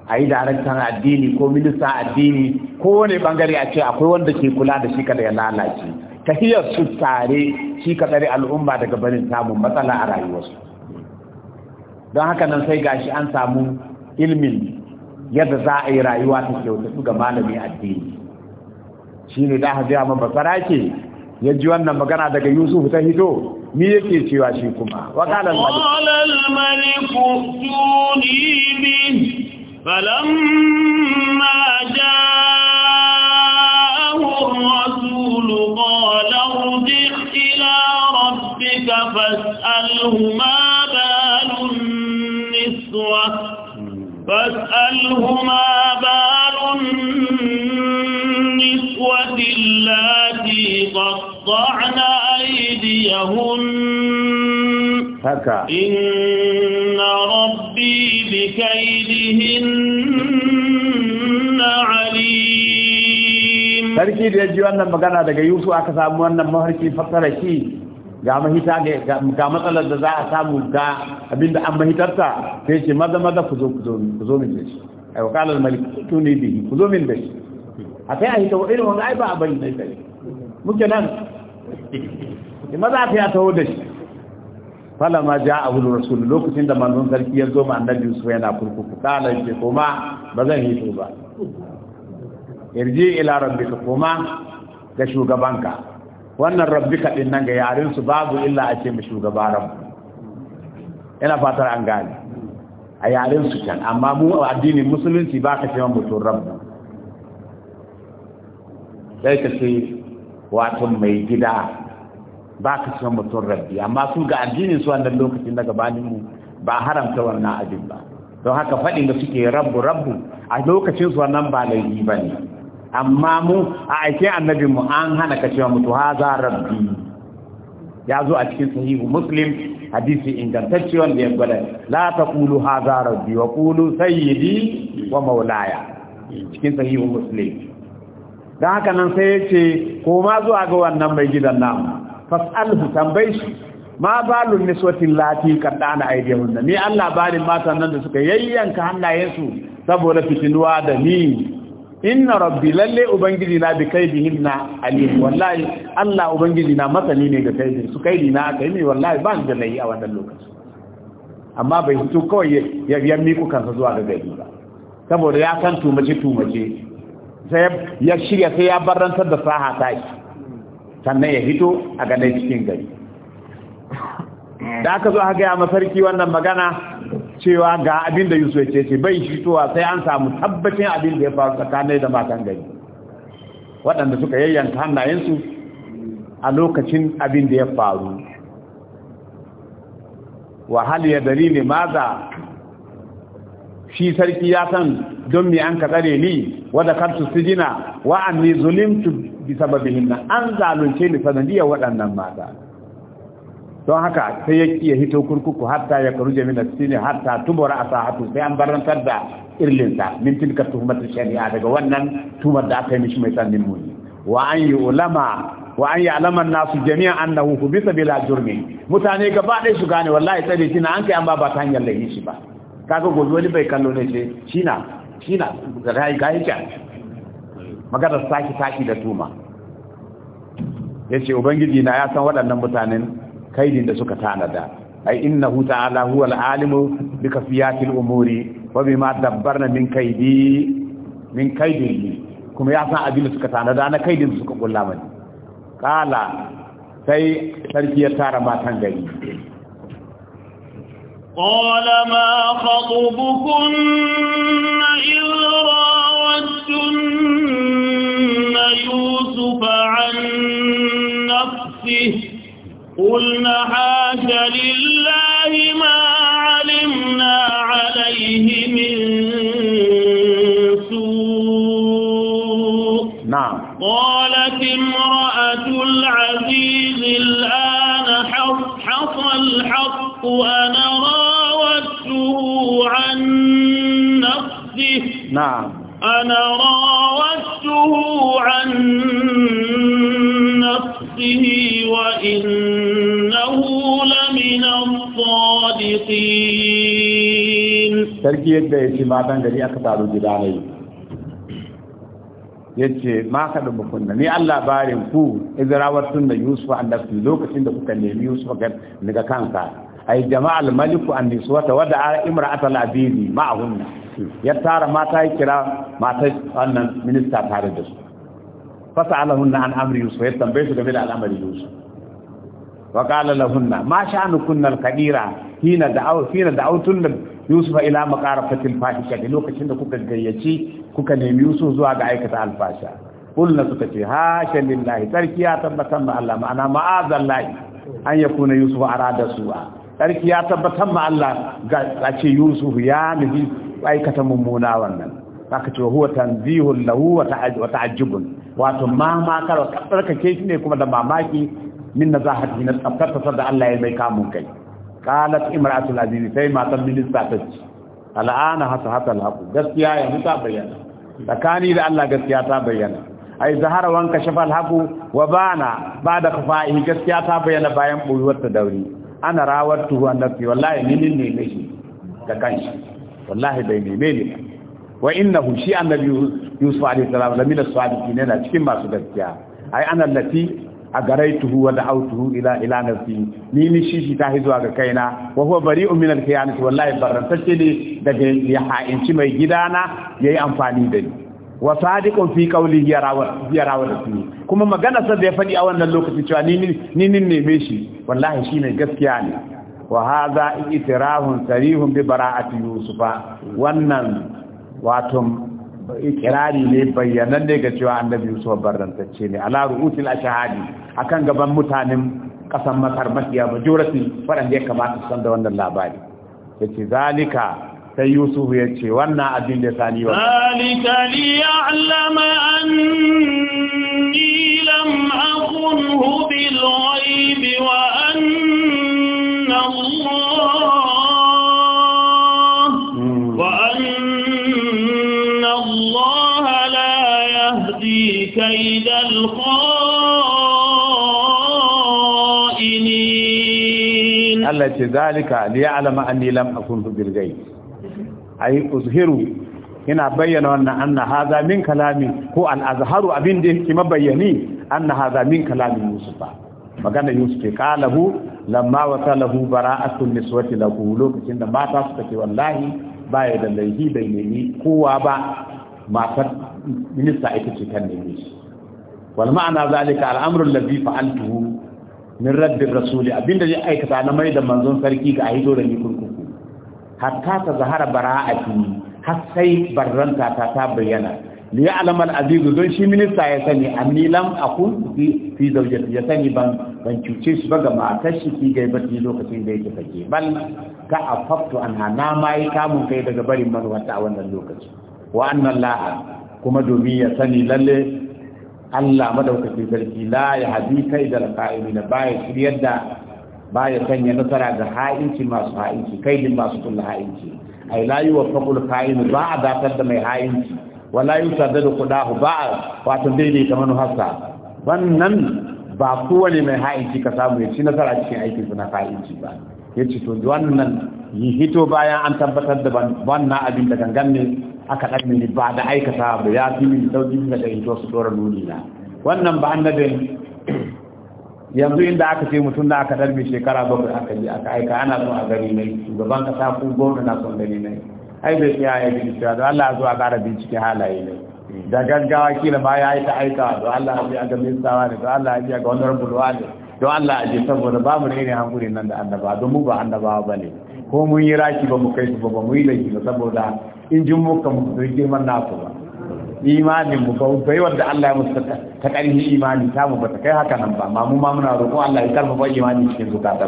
a yi daraktan addini ko ministan addini ko wani bangare a ce akwai wanda ke kula da shi kada ya lalace tahiyar su tare shi ka tsare al'umma daga barin samun matsala a rayuwarsu don haka nan sai gashi an samu ilmin yadda za a yi rayuwa ta kyautatu ga malami addini shi ne da hajiya mabasara ke ya ji wannan magana daga yusuf ta hito ni yake cewa shi kuma wakalar maliku فلما جاءه da قال ارجع ما بال النسوة فاسألهما بال النسوة التي قطعن أيديهن إن ربي بكيدهن عليم هل كيد يجيوانا مغانا دقا يوسو أكسامونا مهركي فقرشي ga mahita ga matsalar da za a samu ga abinda an mahitarta sai ce maza maza ku zo ku zo min da shi ai wa kalal malik tuni bihi ku zo min da shi a kai a hita irin wani ai ba a bari na sai muke nan da maza ta ya taho da shi fala ma ja abu da rasul lokacin da manzon sarki ya zo ma annabi yusuf yana kurkuku kala ce koma ba zan hito ba irji ila rabbika koma ga shugabanka wannan rabbi kaɗin nan ga yarinsu su babu illa a ce mu shugaba rabbu ina fatar an gane a yaren su can amma mu addinin musulunci ba ka cewa mutum rabbi. sai ka ce wato mai gida ba ka cewa mutum rabbi amma su ga addinin su wannan lokacin na gabanin mu ba haramta wannan abin ba don haka faɗin da suke rabbu rabbu a lokacin su wannan ba laifi ba ne amma mu a aikin annabin mu an hana kashewa mutu haza rabbi ya zo a cikin sahihu muslim hadisi ingantacce wanda ya gwada la Kulu haza rabbi wa kulu sayyidi wa maulaya cikin sahihu muslim Don haka nan sai ya ce ko ma zuwa ga wannan mai gidan namu fas'alhu tambayi shi ma balun niswatin lati kaddana aidiyahunna ni Allah balin matan nan da suka yayyanka hannayensu saboda fitinuwa da ni inna rabbi lalle ubangiji na bi kaidihim na alim wallahi Allah ubangiji na masani ne da kaidin su kaidi na aka yi wallahi ba da nayi a wannan lokaci amma bai fito kawai ya ya miku kansa zuwa ga gari ba saboda ya san tumace tumace sai ya shirya sai ya barantar da saha ta shi sannan ya hito a ganin cikin gari da aka zo aka gaya masarki wannan magana cewa ga abin da yusuf ce ce bai shitowa sai an samu tabbacin abin da ya faru tsakanai da matan gari waɗanda suka yayyanta hannayensu a lokacin abin da ya faru wahal ya ma maza shi sarki ya san don me an ka tsare ni wadda su kartu wa'an wa'anni zulimtu bi nan. an zalunce ni sanadiyar waɗannan mata don haka sai ya kiya hito kurkuku hatta ya karu jami'a sini hatta tubura a sa'atu sai an barantar da irlinsa min tilka tuhumar shari'a daga wannan tumar da aka yi mishi mai tsanin muni wa an yi ulama wa an yi alaman nasu jami'a annahu bisa bila jurmi mutane gaba ɗaya su gane wallahi tsare shi na an kai an ba ba ta hanyar laifi shi ba kaga gobe wani bai kallo ne ce shi na shi na da yi. gayi can magana saki saki da tuma ya ce ubangiji na ya san waɗannan mutanen kaidin da suka tanada ai innahu ta'ala huwa al-alimu bi kafiyati al-umuri wa bima dabbarna min kaidi min kaidi kuma ya san abin da suka tanada na kaidin suka kulla mani kala sai sarki ya tara matan gari قال ما خطبكن إذ راوتن يوسف عن نفسه قلنا حاش لله ما علمنا عليه من سوء نعم قالت امرأة العزيز الآن حصل الحق أنا راودته عن نفسه نعم أنا راودته عن sarki yadda ya ce ma matan gari aka taru gida ne ya ce ma ka da mukunna ni an labarin ku izrawar tun da Yusuf an nafsi lokacin da kuka nemi Yusuf ga daga kansa ai jama'al maliku an Imra, wa da ma a ma'ahunna ya tara mata ya kira mata wannan minista tare da su Fasa fasalahunna an amri Yusuf ya tambaye su game da al'amari Yusuf wa qala lahunna ma sha'anukunna al-kadira hina da'aw hina da'awtun Yusuf ila maqarafatil fahisha da lokacin da kuka gayyaci kuka nemi Yusuf zuwa ga aikata alfasha kulna suka ce hasha lillahi sarki ya tabbatar ma Allah ma'ana ma'azallahi an yakuna Yusuf arada su'a sarki ya tabbatar ma Allah ga ce Yusuf ya nufi aikata mummuna wannan aka ce huwa tanzihun lahu wa ta'ajjubun wato ma ma kar ka tsarkake shi ne kuma da mamaki min nazahati na tsaftar da Allah ya mai kamun kai qalat imra'atul aziz sai matan minista ta ce al'ana hasa hasa alhaqu gaskiya yanzu ta bayyana tsakani da Allah gaskiya ta bayyana ai zahara wanka shafa alhaqu wa bana ba da kafa'i gaskiya ta bayyana bayan buyuwar ta dauri ana rawattu an nafsi wallahi ni ne ne shi da kanshi wallahi bai ne ne wa innahu shi annabi yusuf alayhi salam lamina sadiqina cikin masu gaskiya ai ana lati a garaituhu wa da'autuhu ila ila nafsi ni ni shi shi ta zuwa ga kaina wa huwa bari'un min al-khiyanati wallahi barantacce ne daga ya ha'inci mai gidana yayi amfani da ni wa sadiqun fi qawlihi yarawa yarawa kuma magana sa da ya fadi a wannan lokacin cewa ni ni ni neme shi wallahi shi ne gaskiya ne wa hadha itirahun sarihun bi bara'ati yusufa wannan wato ikirari ne bayyanan ne ga cewa annabi yusuf barrantacce ne ala ru'usil ashahadi akan gaban mutanen kasan masar makiya majority waɗanda ya kamata san da wannan labari yace zalika sai yusuf yace wannan abin da sani wa zalika li zalika liya'lama anni lam akun bil ghaib ay uzhiru ina bayyana wannan anna hadha min kalami ko al azharu abin da yake mabayyani anna hadha min kalami yusufa magana yusuf ke kalahu lamma wasalahu bara'atun niswati lahu lokacin da mata suka ce wallahi baya da laihi bai nemi kowa ba matar minista ita ce kan nemi shi wal ma'ana zalika al amru alladhi fa'altuhu min raddin rasuli abinda zai aikata na mai da manzon sarki ga hito da ni kurkuku hatta ta zahara bara'ati har sai barranta ta ta bayyana li ya'lam al-aziz don shi minista ya sani anni lam akun fi fi ya sani ban ban cuce shi ba ga matar shi ki gaibati lokacin da yake fake bal ka afaftu anha na mai kamun kai daga barin mazwata a wannan lokaci wa anna laha kuma domin ya sani lalle Allah madaukakin sarki la ya kai da alƙa'imi da baya shiryar da baya sanya nasara ga ha'inci masu ha'inci kaidin masu kulla ha'inci ai la yuwaffaqul qa'im ba a dafar da mai ha'inci wala yusaddadu qudahu ba wato daidai kamar hasa wannan ba kowane mai ha'inci ka samu ya ci nasara cikin aikin na ha'inci ba yace to wannan yi hito bayan an tabbatar da wannan abin da gangan ne aka ɗan min ba da aikata ba ya fi min sauƙi da ɗari to su ɗora nuni na wannan ba annabin yanzu inda aka ce mutum da aka ɗan mai shekara bakwai aka je aka aika ana son a gani nai shugaban kasa ko gwamna na son gani nai ai bai tsaya ya bi cewa don Allah zuwa ƙara bincike halaye ne da gaggawa kila ba ya aika aika don Allah ya biya ga mintawa ne don Allah ya biya ga wani rubulwa ne don Allah a je saboda ba mu ne hankuri nan da annaba don mu ba annabawa ba ne ko mun yi raki ba mu kai su ba mu yi laifi ba saboda in ji muka girman nasu ba imanin mu bai wanda Allah ya musu ta ƙarfi imani ta mu ba ta kai haka nan ba ma mu ma muna roƙo Allah ya karfafa imani cikin zukata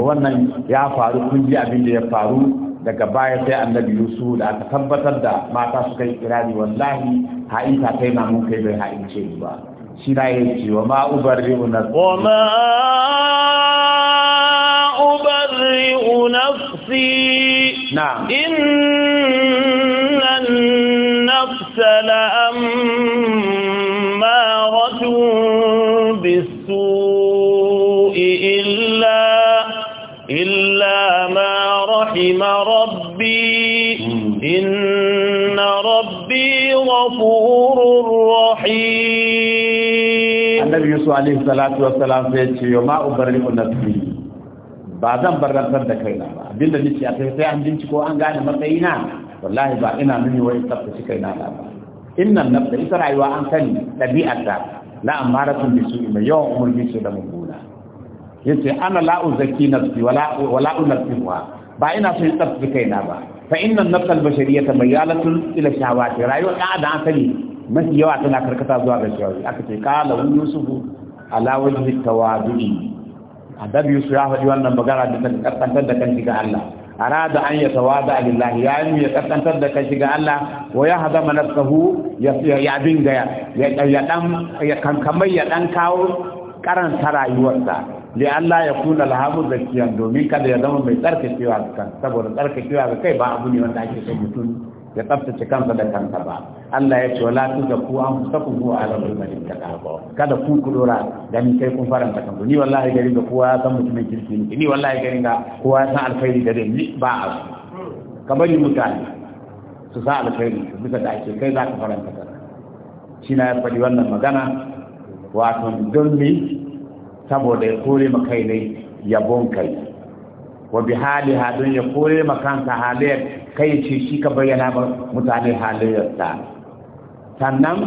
wannan ya faru kun ji abin da ya faru daga baya sai annabi yusuf da aka tabbatar da mata su kai kirari wallahi ha'inta kai na mun kai bai ha'ince ba shi na yin ce wa ma ubarri una ma nafsi نعم إن النفس لأمارة بالسوء إلا إلا ما رحم ربي إن ربي غفور رحيم النبي يوسف عليه الصلاة والسلام ما أبرئ نفسي ba zan barantar da kaina ba abinda nake a kai sai an binciko an gane matsayina wallahi ba ina nuni wai tsaftace kaina ba innan da ita rayuwa an sani ɗabi'arta la amaratun bi su'i mai yawan umar ce da mummuna yace ana la uzaki nafsi wala wala unafsiha ba ina so tsaftace kaina ba fa innan nafsa al-bashariyata mayalatun ila shawati rayuwa da an sani mafi yawa tana karkata zuwa ga shawari aka ce qala yusufu ala wajhi tawadu'i adab yusuf ya faɗi wannan magana da ta kaskantar da kanshi ga Allah arada an ya tawada lillahi ya yi ya kaskantar da kanshi ga Allah wa ya hada nafsahu ya ya gaya. ya ya dan ya kamar ya dan kawo karanta rayuwarsa li Allah ya kuna da zakiyan domin kada ya zama mai tsarkakewa kan saboda tsarkakewa ga kai ba abu ne wanda ake son mutum ya tsaftace kansa da kansa ba Allah ya ce wala ku ku da an tuzakku anfusakum wa ala rabbikum taqaba kada ku ku dora ni kai kun faranta kan ni wallahi gari ga kowa ya san mutumin kirki ni ni wallahi gari ga kowa ya san alkhairi da ni ba a bari mutane su sa alkhairi bisa da ake kai za ka faranta kanka shi na ya faɗi wannan magana wato don me saboda ya kore ma kai ne yabon kai wa bi hali hadun ya kore ma kanka haliyar kai ce shi ka bayyana ba mutane halayyarsa sannan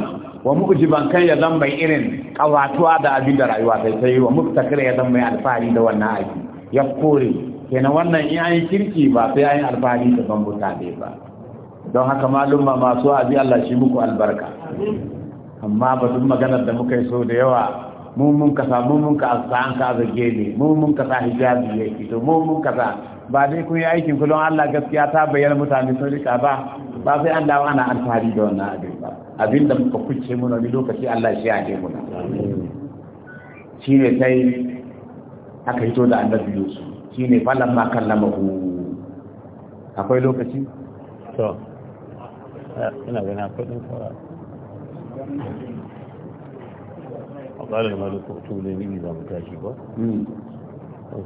wa mu'jiban kan ya zan mai irin kawatuwa da abin da rayuwa sai sai wa muftakir ya zan mai alfahari da wannan aiki ya kore kenan wannan in an yi kirki ba sai an yi alfahari da ban mutane ba don haka malumma masu azi Allah shi muku albarka amma batun maganar da muka yi so da yawa mun mun kasa mun mun ka asa an ka zage ne mun mun kasa hijabi ya fito mun mun kasa ba dai kun yi aikin ku don Allah gaskiya ta bayyana mutane sun rika ba ba sai Allah ana alfahari da wannan abin ba abin da muka kuce mu wani lokaci Allah shi ya mu na ne sai aka hito da annabi Yusuf ne falan ma kallamahu akwai lokaci to eh, ina gani akwai din fara وقال الملك ائتوني به اذا متاشي ba. Hmm.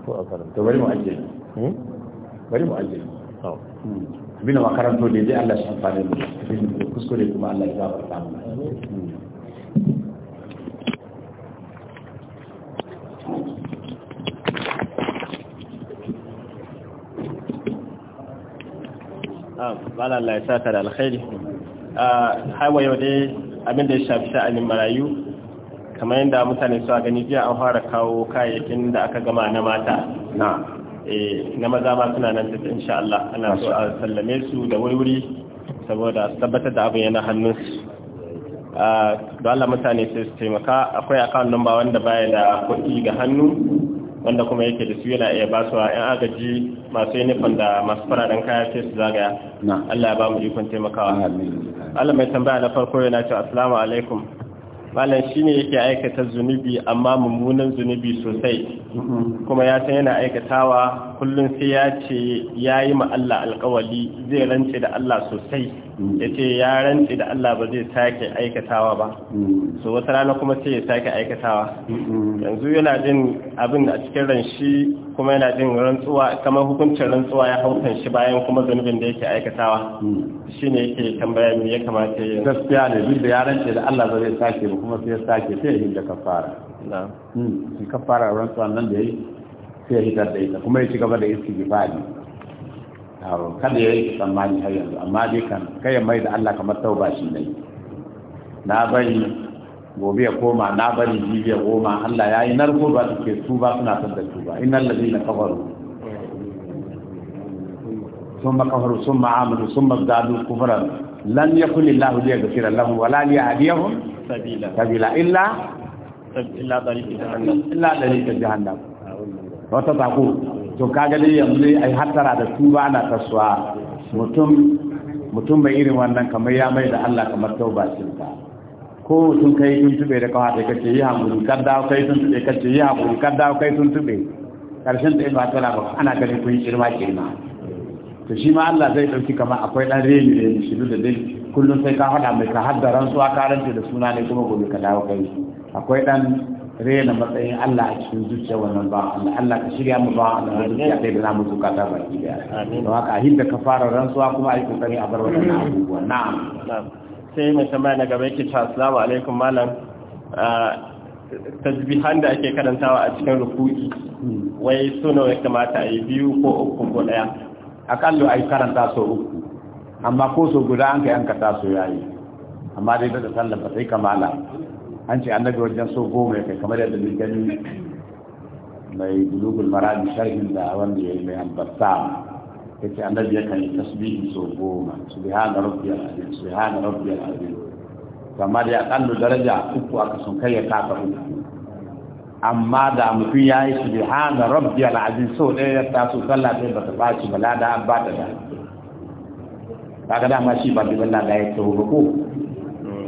ko a karanta bari mu ajiye Hmm? bari mu aje bina ma karanto da dai Allah shi amfani da kuskure kuma Allah ya gafarta mu bala Allah ya saka da alkhairi ah, haiwa yau dai abin da ya shafi sha'anin marayu kamar yadda mutane su a gani jiya an fara kawo kayayyakin da aka gama na mata Eh, na maza ma suna nan tafi insha Allah ana so a sallame su da wuri saboda tabbatar da abin yana su. Ah, da Allah mutane sai su taimaka akwai akawun namba wanda baya da kuɗi ga hannu wanda kuma yake da su yana iya ba su yan agaji masu nufin da masu fararen kaya sai su zagaya Allah ya ba mu ikon taimakawa Allah mai tambaya na farko yana ce assalamu alaikum malam ne yake aikata zunubi amma mummunan zunubi sosai kuma ya san yana aikatawa kullum sai ya ce yi ma Allah alkawali zai rance da Allah sosai ya ce ya rantse da Allah ba zai sake aikatawa ba so wata rana kuma sai ya sake aikatawa yanzu yana jin abin a cikin ran shi kuma yana jin rantsuwa kamar hukuncin rantsuwa ya haukan shi bayan kuma zanubin da yake aikatawa shi ne yake tambaya me ya kamata ya gaskiya ne duk da ya rantse da Allah ba zai sake ba kuma sai ya sake sai ya yi kafara na hmm, kafara rantsuwa nan da ya yi sai ya hitar da ita kuma ya ci gaba da istighfari taron kada ya yi tsammani har yanzu amma dai kan kai mai da Allah kamar tauba shi ne na bari gobe ya koma na bari jibi ya koma Allah ya yi narko ba su ke tuba suna son da tuba innal ladina kafaru thumma kafaru thumma amanu thumma zadu kufran lan yakun lillahu liyaghfira lahum wala liyahdiyahum sabila sabila illa illa dariqa jahannam illa dariqa jahannam wata taqul to kaga dai yanzu ai hattara da tuba na kasuwa mutum mutum bai irin wannan kamar ya mai da Allah kamar tauba cin ka ko mutum kai tun tube da kawai da kace yi hakuri kar dawo kai tun tube kace yi hakuri kar dawo kai tun tube karshen da ba tana ba ana ganin kun kirma kirma to shi ma Allah zai dauki kamar akwai dan reni ne shi da dai kullun sai ka hada mai ka haddaran su a karanta da suna ne kuma gobe ka dawo kai akwai dan rena matsayin Allah a cikin zuciya wannan ba Allah Allah ka shirya mu ba Allah da zuciya sai da namu zukata baki daya don haka ahin ka fara rantsuwa kuma ai kokari a bar wannan abubuwa na'am sai mai tambaya na gaba yake cewa assalamu alaikum malam tasbihan da ake karantawa a cikin rukuki wai suno ya kamata a yi biyu ko uku ko daya akallo ai karanta so uku amma ko so guda an kai an ka so yayi amma dai da sallah ba sai kamala an ce annabi wajen so goma ya kai kamar yadda mun gani mai bulugul marami sharhin da wanda ya yi mai albasa ya ce annabi ya kan yi tasbihi so goma su subhana rabbiyal azim hana rabbiyal azim kama da ya kallo daraja uku aka sun kai ya kafa uku amma da mutum ya yi su bi hana rabbiyal azim so ɗaya ya taso sallah sai ba ta ɓaci ba lada ba ta da ga dama shi ba bi lada ya tawo ta ko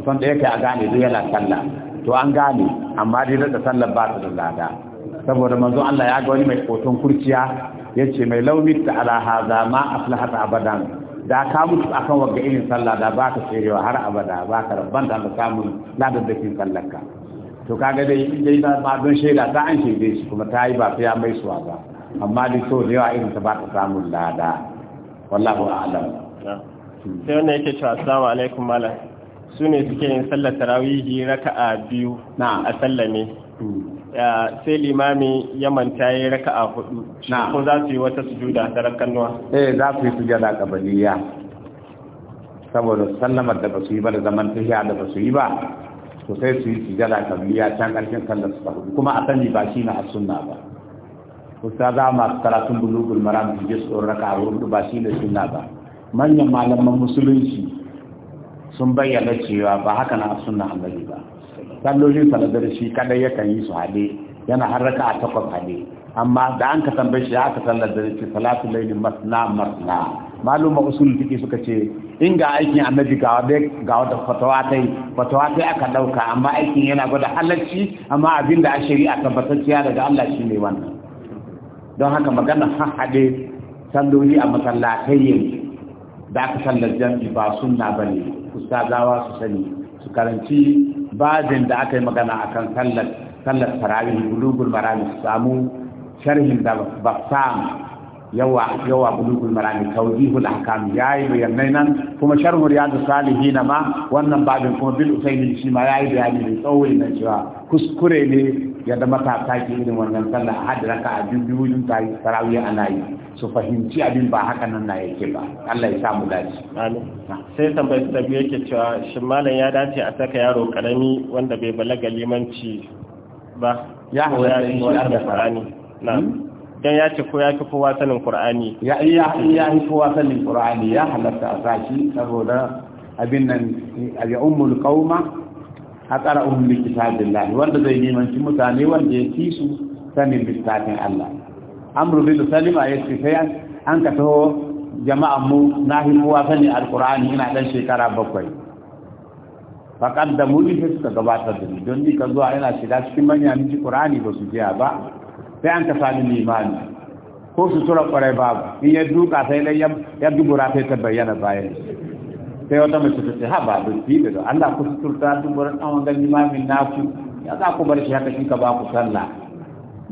son da yake a gane duk yana sallah to an gane amma dai da sallar ba ta da lada saboda manzo Allah ya ga wani mai koton kurciya yace mai laumit ta ala hadha ma ta abadan da ka mutu akan wagga irin sallah da ba ka tserewa har abada ba ka rabban da samun ladar da kin sallarka to kaga dai dai ba don shaida ta an shaide shi kuma ta yi ba sai ya mai suwa ba amma dai so da yawa irin ta ba ta samun lada wallahu a'lam sai wannan yake cewa assalamu alaikum malam su ne suke yin sallar tarawihi a biyu na a sallame hmm. sai limami ya manta yi raka a hudu ko za su yi wata sujuda da rakannuwa eh za su yi sujada kabaliya saboda sallamar da ba su yi ba da zaman tafiya da ba su yi ba to sai su yi sujada kabaliya can karshen sallar su hudu kuma a sani ba shi na a sunna ba ustaza masu karatun bulugul maram su je tsoron raka'a hudu ba shi ne sunna ba manyan malaman musulunci sun bayyana cewa ba haka na suna annabi ba sallolin sanadar shi kada yakan yi su hade yana harraka a takwas hade amma da an ka tambaye shi haka sallar salatu ce salatu laili masna masna maluma usul tiki suka ce in ga aikin annabi ga wada ga wata fatawa tai fatawa tai aka dauka amma aikin yana gwada halacci amma abinda a shari'a tabbatacciya daga Allah shi ne wannan don haka magana hade salloli a masallatai da aka sallar jami'i ba sunna bane ustazawa su sani su karanci bazin da aka yi magana akan sallar sallar tarawih bulugul marami su samu sharhin da baksam yawa yawa bulugul marami tawdihul ahkam yayi bayanai nan kuma sharhu riyadus salihin ma wannan babin kuma bil usaini shi ma yayi bayani mai tsawon nan cewa kuskure ne ya zama ta sake irin wannan sallah a haɗin raka abin biyu ta yi tarawih ana yi su fahimci abin ba haka nan na yake ba Allah ya samu dace sai tambayi ta biyu yake cewa shin malam ya dace a saka yaro karami wanda bai balaga limanci ba ya halatta shi da Qur'ani na'am hmm? dan ya ce ko ya fi kowa sanin Qur'ani ya ya ya fi kowa sanin Qur'ani ya halatta a saki saboda abin nan ya ummul qauma aqara um bi kitabillah wanda zai neman mutane wanda ya fi su sanin littafin Allah amru bin salima ce sai an ka taho jama'an mu na himuwa sani alkur'ani ina dan shekara bakwai fakar da mu ne suka gabatar da ni don ni ka zuwa ina shiga cikin manyan miji qur'ani ba su jiya ba sai an ka sami limani ko su tura kwarai babu in ya duka sai dai ya dubura sai ta bayyana bayan sai wata mace ta ce ha ba da fi alla Allah ku suturta duk wurin an wangan limamin naku ya za ku bar shi haka shi ka ba ku sallah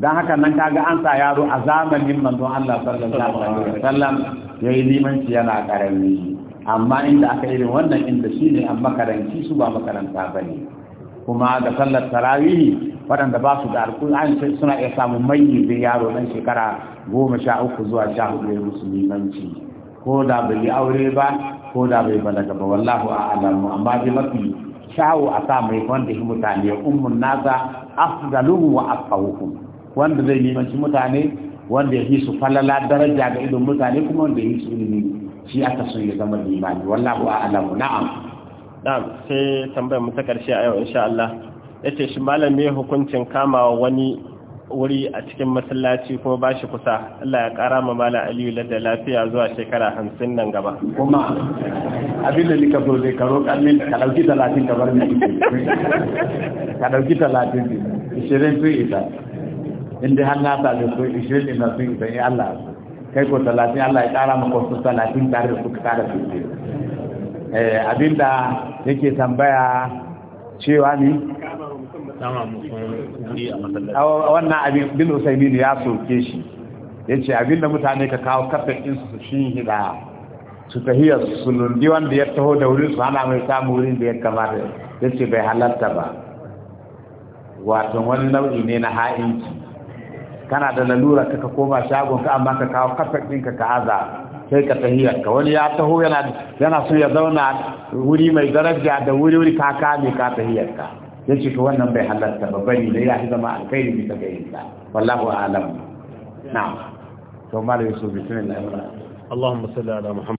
dan haka nan kaga an sa yaro a zamanin manzon Allah sallallahu alaihi wasallam yayi limanci yana karami amma inda aka irin wannan inda ne an makaranci su ba makaranta bane kuma da sallar tarawih waɗanda ba su da alƙur'ani suna iya samun mayyizi yaro ɗan shekara goma sha uku zuwa sha hudu ya musu ko da bai yi aure ba ko da bai balaga ba wallahu a'lamu amma dai mafi shawo a sa mai wanda shi mutane ummun naza afdaluhu wa afqahuhum wanda zai shi mutane wanda ya su falala daraja ga idon mutane kuma wanda ya su ilimi shi aka son ya zama limani wallahu a'lamu na'am na'am sai tambayar mu ta karshe a yau insha Allah yace shi malami hukuncin kamawa wani wuri a cikin masallaci ko ba shi kusa Allah ya ƙara ma mala aliyu da lafiya zuwa shekara hamsin nan gaba kuma abin da nika so zai karo kalmin ka dauki talatin ka bar ni ka dauki talatin ne ishirin sun isa inda har na da so ishirin ina sun isa in Allah kai ko talatin Allah ya ƙara ma wasu talatin tare da suka kara su eh, abin da yake tambaya cewa ne a wannan abin bin usaimin ya soke shi ya ce abin da mutane ka kawo kafin ɗinsu su shi hida su tahiyar su lundi wanda ya taho da wurin su hana mai samun wurin da ya kamata ya ce bai halarta ba wato wani nau'i ne na ha'inci kana da lalura ka koma shagon ka amma ka kawo kafin ɗinka ka aza sai ka tahiyar ka wani ya taho yana so ya zauna wuri mai daraja da wuri wuri ka kame ka tahiyar ka ya ce wannan bai halarta ba bari da ya fi zama alkhairi bisa ga yin wallahu alam na'am to malai su bismillah Allahumma salli ala Muhammad